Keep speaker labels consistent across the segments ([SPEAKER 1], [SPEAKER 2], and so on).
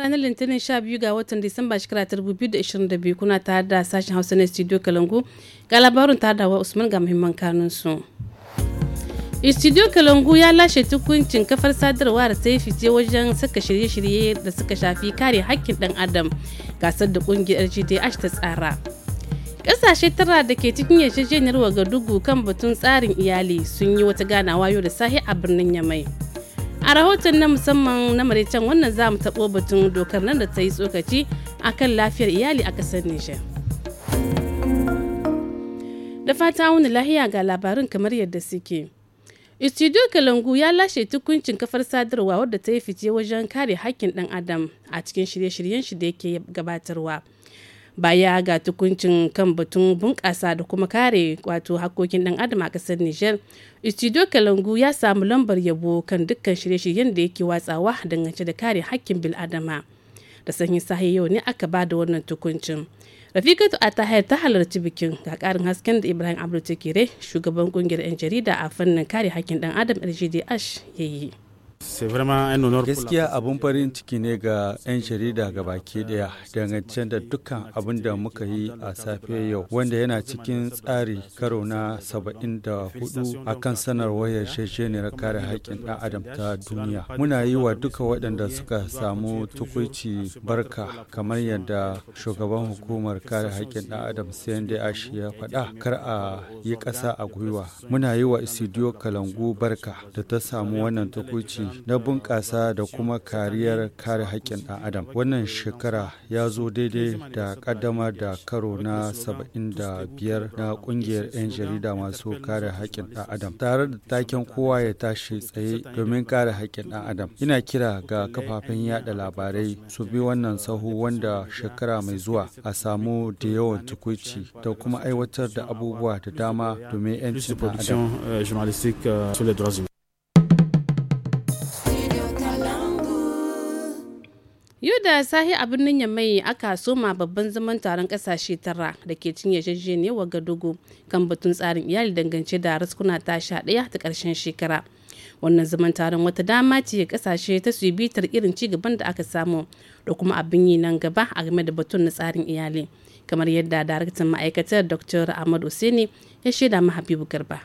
[SPEAKER 1] ranar litinin 12 ga watan disamba shekara 2022 kuna tare da sashen hausa na studio kalangu ga labarin tare da usman ga muhimman kanunsu studio kalangu ya lashe tukuncin kafar sadarwa da ta yi fice wajen saka shirye-shirye da suka shafi kare hakkin dan adam gasar da kungiyar gdh ta tsara kasashe tara da ke cikin yarjejeniyar dugu kan batun tsarin iyali sun yi wata ganawa yau da sahi a birnin yamai a rahoton na musamman na maraicen wannan za mu taɓo batun dokar nan da ta yi tsokaci akan lafiyar iyali a ƙasar nishe da fata wani lahiya ga labarin kamar yadda suke Istidiyo Kalangu ya lashe tukuncin kafar sadarwa wadda ta yi fice wajen kare hakkin ɗan adam a cikin shirye-shiryen shi da yake gabatarwa. baya ga tukuncin kan batun bunƙasa da kuma kare wato hakokin ɗan adam a ƙasar Nijar. Studio Kalangu ya samu lambar yabo kan dukkan shirye-shiryen da yake watsawa dangance da kare hakkin bil'adama. Da sanyi sahi yau ne aka ba da wannan tukuncin. Rafikatu a ta halarci bikin ga ƙarin hasken da Ibrahim Abdul Tekere, shugaban ƙungiyar 'yan jarida a fannin kare hakkin ɗan adam LGDH ya yi.
[SPEAKER 2] Gaskiya abun farin ciki ne ga 'yan jarida ga baki daya dangance da dukkan abin da muka yi a safe yau wanda yana cikin tsari karo na 74 a kan sanarwar yarjejeniyar kare haƙƙin ɗan adam ta duniya. Muna yi wa duka waɗanda suka samu tukuici barka kamar yadda shugaban hukumar kare haƙƙin ɗan adam CNDH ya faɗa kar a yi ƙasa a gwiwa. Muna yi wa Kalangu barka da ta samu wannan tukuici na bunƙasa da kuma kariyar kare haƙƙin ɗan adam wannan shekara ya zo daidai da ƙaddamar da karo na 75 na ƙungiyar 'yan jarida masu kare haƙƙin ɗan adam tare da taken kowa ya tashi tsaye domin kare haƙƙin ɗan adam ina kira ga kafafen yada labarai su bi wannan sahu wanda shekara mai zuwa a samu da yawan tukuici da kuma aiwatar da abubuwa da dama domin 'yancin ɗan adam
[SPEAKER 1] Yau da sahi a birnin Yamai aka soma babban zaman taron kasashe tara da ke ne yarjejeniyar Gadugu kan batun tsarin iyali dangance da raskuna ta sha ɗaya ta karshen shekara. Wannan zaman taron wata dama ce kasashe ta su bitar irin ci gaban da aka samu da kuma abin yi nan gaba a game da batun na tsarin iyali. Kamar yadda daraktan ma'aikatar Dr. Ahmad Hussaini ya shaida ma Habibu Garba.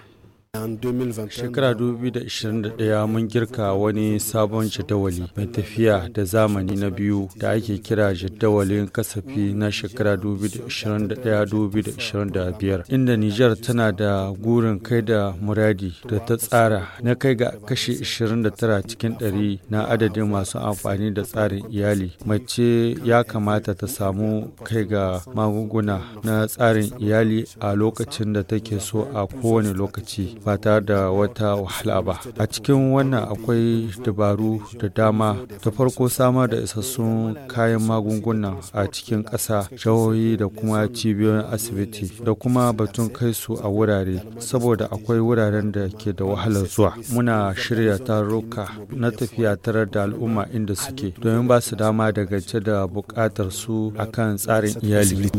[SPEAKER 2] Shekara 2021 mun girka wani sabon jadawali mai tafiya da zamani na biyu da ake kira jadawalin kasafi na shekara 2021-2025 inda Nijar tana da gurin kai da muradi da ta tsara na kai ga kashi 29 cikin 100 na adadin masu amfani da tsarin iyali. Mace ya kamata ta samu kai ga magunguna na tsarin iyali a lokacin da take so a kowane lokaci. fata da wata wahala ba a cikin wannan akwai dabaru da dama ta farko samar da isassun kayan magunguna a cikin ƙasa shawoyi da kuma cibiyoyin asibiti da kuma batun kai su a wurare saboda akwai wuraren da ke da wahalar zuwa muna shirya taruka na tafiya tare da al'umma inda suke domin ba su dama da daga da bukatar su akan tsarin iyali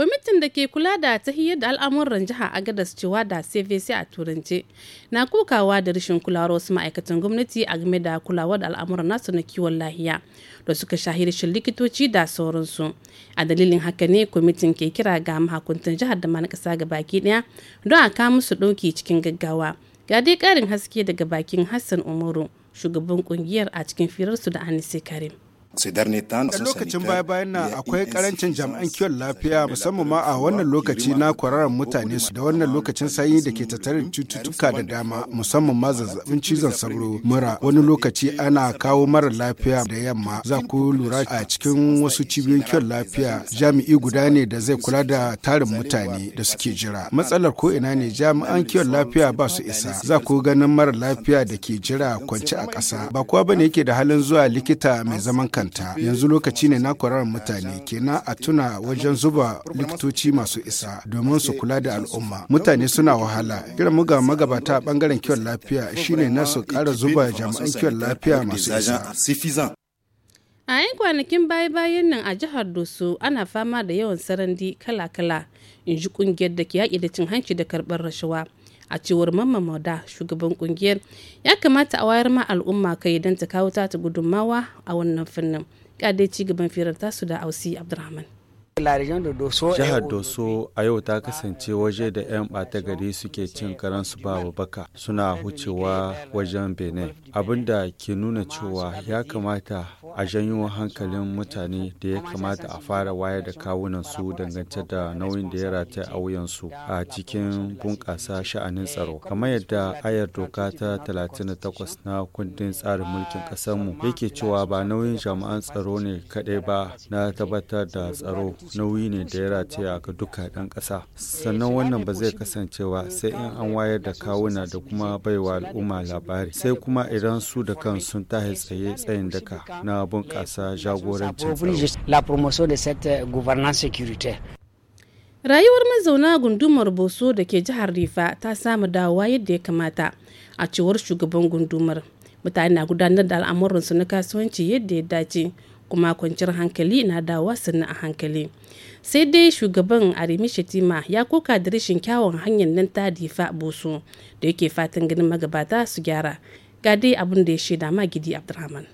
[SPEAKER 1] kwamitin da ke kula da tahiyar da al'amuran jiha a gadas cewa da cvc a turance na kokawa da rashin kulawar wasu ma'aikatan gwamnati a game da kulawa da al'amuran nasu na kiwon lahiya da suka shahi rashin likitoci da sauransu a dalilin haka ne kwamitin ke kira ga mahakuntan jihar da ma kasa ga baki daya don a kawo musu ɗauki cikin gaggawa ga dai ƙarin haske daga bakin hassan umaru shugaban kungiyar a cikin firarsu da anise karim
[SPEAKER 3] lokacin baya bayan na akwai karancin jami'an kiwon lafiya musamman ma a wannan lokaci na kwararan mutane su da wannan lokacin sanyi da ke tattare cututtuka da dama musamman ma zazzabin cizon sauro mura wani lokaci ana kawo mara lafiya da yamma za ku lura a cikin wasu cibiyoyin kiwon lafiya jami'i guda ne da zai kula da tarin mutane da suke jira matsalar ko ina ne jami'an kiwon lafiya ba su isa za ku ganin mara lafiya da ke jira kwance a ƙasa ba kowa bane yake da halin zuwa likita mai zaman kanta yanzu lokaci ne na kwararar mutane kenan a tuna wajen zuba likitoci masu isa domin su kula da al'umma mutane suna wahala irin muga magabata a bangaren kiwon lafiya shine na su kara zuba jami'an kiwon lafiya masu isa
[SPEAKER 1] a yan kwanakin baya-bayan nan a jihar doso ana fama da yawan sarandi kala-kala in ji kungiyar da ke yaƙi da cin hanci da karɓar rashawa a cewar mamman da shugaban kungiyar ya kamata a wayar ma al'umma kai don ta kawo ta gudummawa a wannan fannin ƙadai ci gaban firar tasu da ausi abdulrahman
[SPEAKER 2] Eh, Jihar Doso a yau ta kasance waje da 'yan ɓata gari suke cin karansu ba baka suna hucewa wajen Benin. Abin da ke nuna cewa ya kamata a janyo hankalin mutane da ya kamata a fara wayar da kawunan su dangance da nauyin da ya rataya a wuyansu a cikin bunƙasa sha'anin tsaro. Kamar yadda ayar doka ta 38 na kundin tsarin mulkin ƙasarmu yake cewa ba nauyin jami'an tsaro ne kaɗai ba na tabbatar da tsaro nauyi ne da ya rataya ga duka ɗan ƙasa sannan wannan ba zai kasancewa sai in an wayar da kawuna da kuma baiwa al'umma labari sai kuma idan su da kan sun tahi tsaye tsayin daka
[SPEAKER 4] na bunƙasa jagorancin euh,
[SPEAKER 1] Rayuwar mazauna gundumar Boso da ke jihar Rifa ta samu dawowa yadda ya kamata a cewar shugaban gundumar. Mutane na gudanar da al'amuransu na kasuwanci yadda ya dace kuma kwanciyar hankali na dawa sannan a hankali sai dai shugaban arimi shatima ya koka da rashin kyawun hanyar nan ta difa boso da yake fatan ganin magabata su gyara ga dai abin da ya shaida ma gidi abdulrahman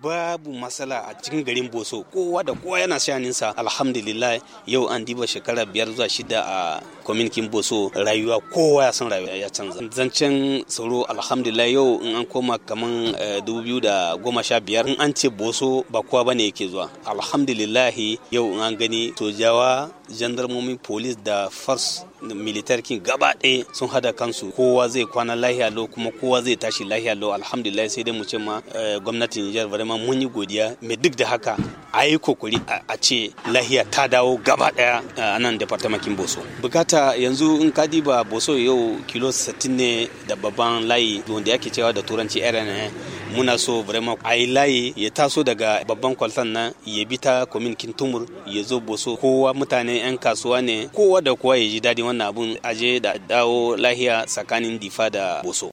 [SPEAKER 4] babu matsala a cikin garin boso kowa da kowa yana shaninsa alhamdulillah yau an diba shekara biyar zuwa shida a kwaminkin boso rayuwa kowa ya san rayuwa ya canza zancen tsaro alhamdulillah yau in an koma kaman eh, dubu biyu da goma sha biyar in an ce boso ba kowa bane yake zuwa alhamdulillah yau in an gani sojawa jandarmomin polis da fars militar gaba ɗaya sun hada kansu kowa zai kwana lahiya lo kuma kowa zai tashi lahiya lo alhamdulillah sai dai mu ce ma eh, gwamnatin Nijar vraiment mun yi godiya me duk da haka a yi kokari a ce lahiya ta dawo gaba ɗaya eh, a nan departamentin Boso bukata yanzu in ka diba Boso yau kilo 60 ne da babban layi wanda yake cewa da turanci RNA muna so vraiment a yi layi ya taso daga babban kwaltan nan ya bi ta komin tumur ya zo boso kowa mutane 'yan kasuwa ne kowa da kowa ya ji daɗin wannan abun aje da dawo lahiya tsakanin difa da boso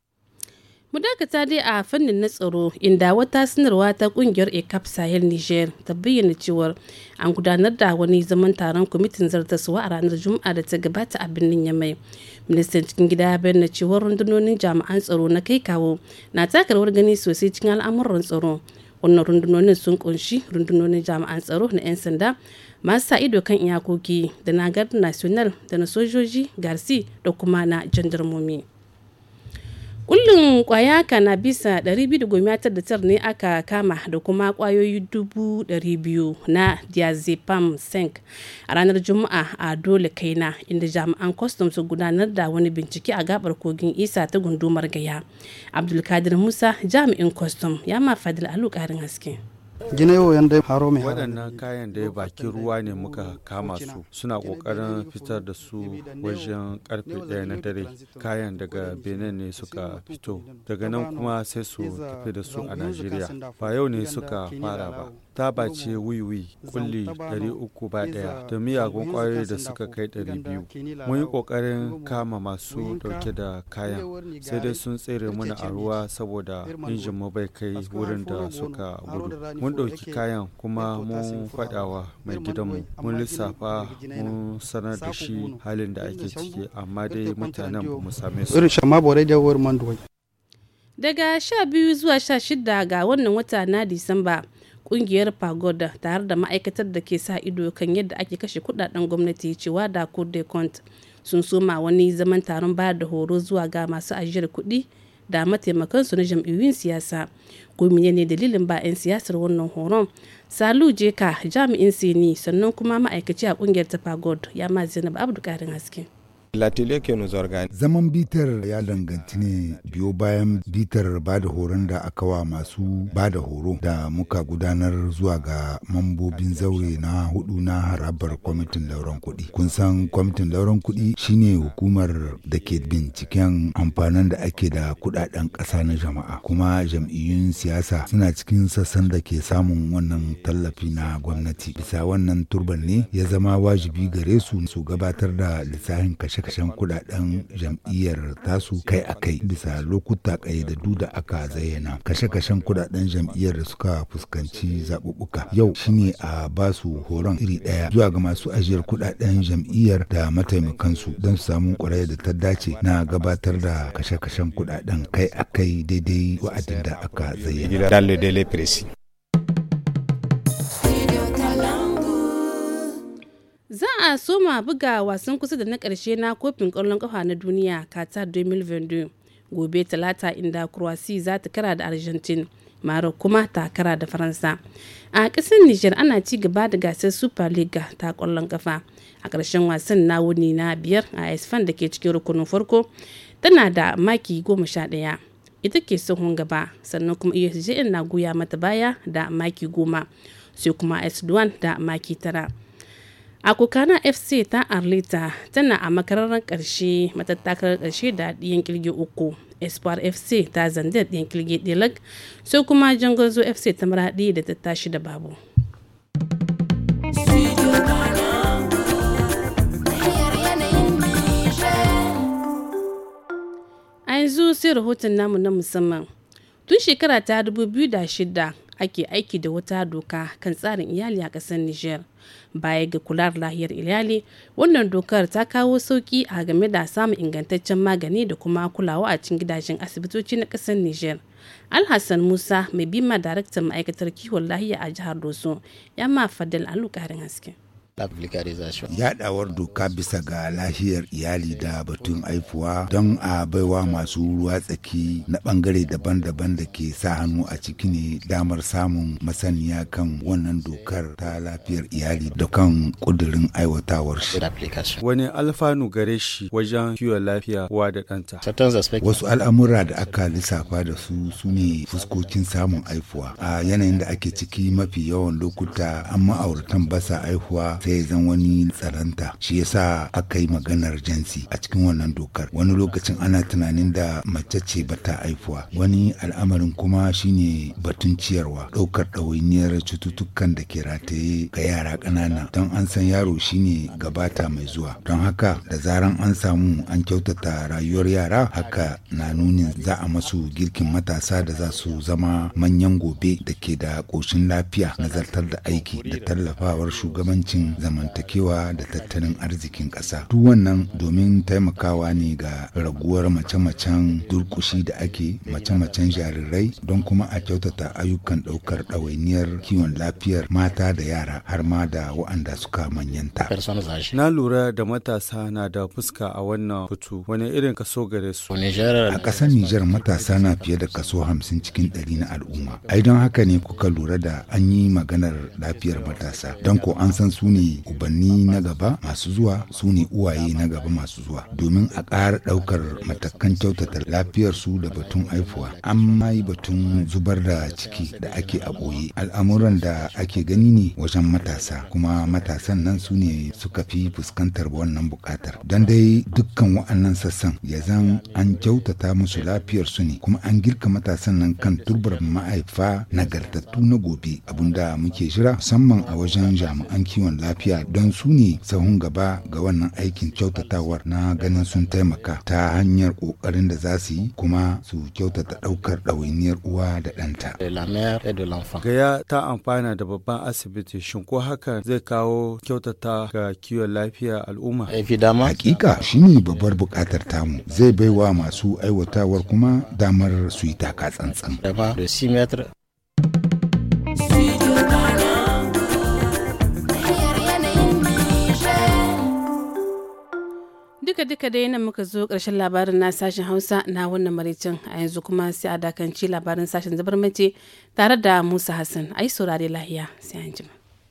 [SPEAKER 1] mu dakata dai a fannin na tsaro inda wata sanarwa ta kungiyar ecap sahel niger ta bayyana cewa an gudanar da wani zaman taron kwamitin zartaswa a ranar juma'a da ta gabata a birnin yamai ministan cikin gida ya bayyana cewa rundunonin jami'an tsaro na kai kawo na taka rawar gani sosai cikin al'amuran tsaro wannan rundunonin sun kunshi rundunonin jami'an tsaro na 'yan sanda masu sa ido kan iyakoki da na national da na sojoji garsi da kuma na jandarmomi. kullum kwaya bisa 299 ne aka kama da kuma kwayoyi 200,000 na diazepam Sink a ranar juma'a a dole kaina inda jami'an kwastom su gudanar da wani bincike a gabar kogin isa ta gundumar gaya abdulkadir musa jami'in kwastom ya ma fadil alu karin haske
[SPEAKER 2] gina yau dai haro mai waɗannan kayan da ya bakin ruwa ne muka kama su suna ƙoƙarin fitar da su wajen karfe ɗaya na dare kayan daga benin ne suka fito daga nan kuma sai su tafi da su a najeriya ba yau ne suka fara ba taba ce wiwi kulli 301 ba ɗaya da miyagun kwayoyi da suka kai 200 mun yi kokarin kama masu dauke da kayan sai dai sun tsere mana a ruwa saboda injin mu bai kai wurin da suka gudu mun dauki kayan kuma mun fadawa mai gidanmu mun lissafa mun sanar da shi halin da ake ciki amma dai mutanen ba mu same su
[SPEAKER 1] daga 12 zuwa 16 ga wannan wata na disamba kungiyar pagoda tare da ma'aikatar da ke sa ido kan yadda ake kashe kudaden gwamnati cewa da de kont sun soma wani zaman taron bayar da horo zuwa ga masu ajiyar kudi da mataimakansu na jam'iyyun siyasa ko ne dalilin ba 'yan siyasar wannan horon salu jeka jami'in sini sannan kuma ma'aikaci a kungiyar ta pagod ya ma zainab abdu karin haske
[SPEAKER 5] Zaman bitar ya danganci ne biyo bayan bitar ba da horon da aka wa masu ba da horo da muka gudanar zuwa ga mambobin zaure na hudu na harabar kwamitin lauran kuɗi. Kun san kwamitin lauran kuɗi shine hukumar da ke binciken amfanin da ake da kuɗaɗen ƙasa na jama'a kuma jam'iyyun siyasa suna cikin sassan da ke samun wannan tallafi na gwamnati. Bisa wannan turban ne ya zama wajibi gare su su gabatar da lissafin kashe kashe-kashen kudaden jam'iyyar tasu kai a kai bisa lokuta kayyadaddu da aka zayyana kashe-kashen kudaden jam'iyyar da suka fuskanci zaɓuɓɓuka yau shine a basu horon iri ɗaya zuwa ga masu ajiyar kudaden jam'iyyar da mataimakansu don su samu kwarai da ta dace na gabatar da kashe-kashen kudaden kai a kai daidai wa'adin da aka zayyana.
[SPEAKER 1] za a soma buga wasan kusa da na ƙarshe na kofin ƙwallon ƙafa na duniya qatar 2022 gobe talata inda croatia za ta kara da argentine maro kuma ta kara da faransa a ƙasar niger ana ci gaba da gasar super league ta ƙwallon ƙafa a ƙarshen wasan na wuni na biyar a isfan da ke cikin rukunin farko tana da maki goma sha ɗaya ita ke sahun gaba sannan kuma usgn e na goya mata baya da maki goma sai kuma s da maki tara a kokana fc ta arlita tana a makararren karshe matattakar karshe da ɗiyan kirgi uku espoir fc ta zande ɗiyan kirge ɗilag sai kuma jangozo fc ta maraɗi da ta tashi da babu a yanzu sai rahoton namu na musamman tun shekara ta 2006 ake aiki da wata doka kan tsarin iyali a ƙasar Nijar. Baya ga kular lahiyar iyali, wannan dokar ta kawo sauƙi a game da samun ingantaccen magani da kuma kulawa a cikin gidajen asibitoci na ƙasar Nijar. Alhassan Musa mai bima daraktan ma'aikatar kiwon lahiya a jihar Doso ya ma Fadal Alu ƙarin haske.
[SPEAKER 5] Yaɗawar doka bisa ga lahiyar iyali da batun haifuwa don a baiwa masu ruwa tsaki na bangare daban-daban da ke sa hannu a ciki ne damar samun masaniya kan wannan dokar ta lafiyar iyali da kan ƙudurin aiwatawar shi.
[SPEAKER 2] Wani alfanu gare shi wajen kiwon lafiya wa da ɗanta. Wasu al'amura
[SPEAKER 5] da aka lissafa da su su ne fuskokin samun haifuwa. A yanayin da ake ciki mafi yawan lokuta an ma'auratan basa haihuwa ta yi zan wani tsaranta shi yasa aka yi maganar jinsi a cikin wannan dokar wani lokacin ana tunanin da mace ce bata haifuwa wani al'amarin kuma shine batun ciyarwa ɗaukar ɗawainiyar cututtukan da ke rataye ga yara ƙanana don an san yaro shine gabata mai zuwa don haka da zaran an samu an kyautata rayuwar yara haka na nunin za a masu girkin matasa da za su zama manyan gobe da ke da ƙoshin lafiya nazartar da aiki da tallafawar shugabancin zamantakewa da tattalin arzikin ƙasa duk wannan domin taimakawa ne ga raguwar mace-macen durkushi da ake mace-macen jarirai don kuma a kyautata ayyukan ɗaukar ɗawainiyar kiwon lafiyar mata da yara har ma da wa'anda suka manyanta. Na lura
[SPEAKER 2] da matasa na da fuska a wannan hutu wani irin kaso gare su. A
[SPEAKER 5] ƙasar Nijar matasa na fiye da kaso hamsin cikin ɗari na al'umma. Ai don haka ne kuka lura da an yi maganar lafiyar matasa don ko an san su ne ubanni na gaba masu zuwa su ne uwaye na gaba masu zuwa domin a ƙara ɗaukar matakan kyautata lafiyarsu da batun haifuwa an ma batun zubar da ciki da ake a ɓoye al'amuran da ake gani ne wajen matasa kuma matasan nan su ne suka fi fuskantar wannan buƙatar don dai dukkan wa'annan sassan ya zan an kyautata musu lafiyarsu ne kuma an girka matasan nan kan turbar ma'aifa nagartattu na gobe abinda muke jira musamman a wajen jami'an kiwon lafiya lafiya don su ne sahun gaba ga wannan aikin kyautatawar na ganin sun taimaka ta hanyar ƙoƙarin da za su yi kuma su kyautata ɗaukar ɗawainiyar uwa da ɗanta.
[SPEAKER 2] Gaya ta amfana da babban asibiti shin ko haka zai kawo kyautata ga kiwon lafiya al'umma?
[SPEAKER 5] Hakika shi ne babbar buƙatar tamu zai baiwa masu aiwatawar kuma damar su yi taka tsantsan.
[SPEAKER 1] duka duka dai nan muka zo ƙarshen labarin na sashen hausa na wannan maraicin a yanzu kuma sai a dakanci labarin sashen zabar mace tare da musa hassan a yi saurare lahiya sai an jima